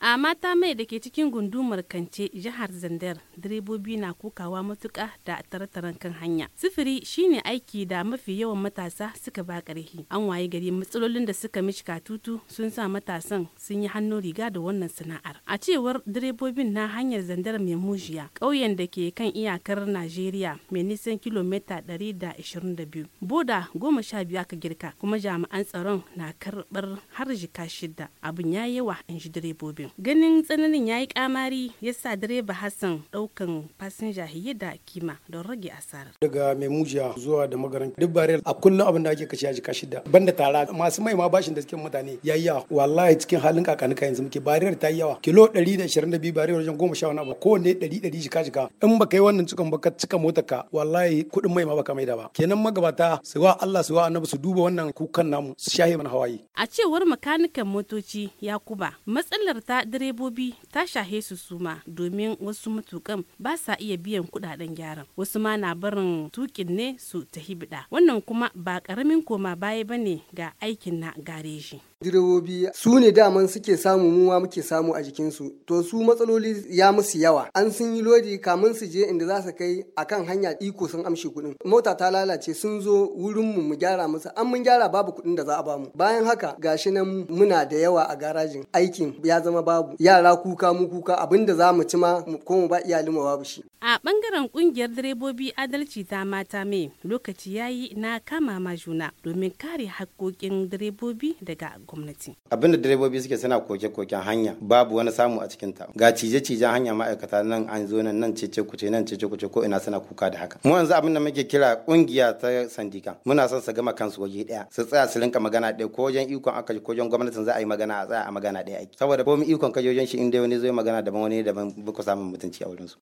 a mata mai da ke cikin gundumar kance jihar zandar direbobi na kokawa matuƙa da tarataran kan hanya sifiri shine aiki da mafi yawan matasa suka ba ƙarfi an waye gari matsalolin da suka mishi tutu sun sa matasan sun yi hannu riga da wannan sana'ar a cewar direbobin na hanyar zandar mai mujiya ƙauyen da ke kan iyakar najeriya mai nisan kilomita da 122 boda goma sha biyu aka girka kuma jami'an tsaron na karɓar har jika shida abin ya yawa in ji direbobin ganin tsananin ya yi kamari ya sa direba hassan daukan fasinja hiye da kima don rage asarar daga mai mujiya zuwa da magaran duk barel a kullum abin da ake kashe ya jika shida banda tara masu mai ma bashin da cikin mutane ya yi yawa wallahi cikin halin kakanika yanzu muke barel ta yi yawa kilo 122 barel wajen goma sha wani abu kowanne 100 jika jika in baka yi wannan cikan baka cika motar ka wallahi kuɗin mai ma baka da ba kenan magabata su wa Allah su wa annabi su duba wannan kukan namu su shahe mana hawaye a cewar makanikan motoci yakuba matsalar ta a direbobi ta shahe su suma domin wasu matukan ba sa iya biyan kudaden gyaran wasu ma na barin tukin ne su ta hibida wannan kuma ba karamin koma baya bane ga aikin na gareji direbobi su ne daman suke samu muwa muke samu a jikinsu to su matsaloli ya musu yawa an sun yi lodi kamun su je inda za su kai akan hanya iko sun amshi kudin. mota ta lalace sun zo wurinmu mu gyara musu an mun gyara babu kudin da za a bamu bayan haka gashi nan muna da yawa a garajin aikin ya zama babu yara kuka mu kuka abin da za mu ci ma ko mu ba iyali mu babu shi a bangaren kungiyar direbobi adalci ta mata me lokaci yayi na kama ma juna domin kare hakkokin direbobi daga gwamnati. Abin da direbobi suke suna koke-koken hanya babu wani samu a cikin ta. Ga cije-cijen hanya ma'aikata nan an zo nan nan cece kuce nan cece kuce ko ina suna kuka da haka. Mu yanzu abin da muke kira kungiya ta sandika muna son su gama kansu waje daya su tsaya su rinka magana daya ko wajen ikon aka ko wajen gwamnatin za a yi magana a tsaya a magana daya ake. Saboda komai ikon kajojin shi inda wani zai magana daban wani daban ba ku samun mutunci a wurinsu.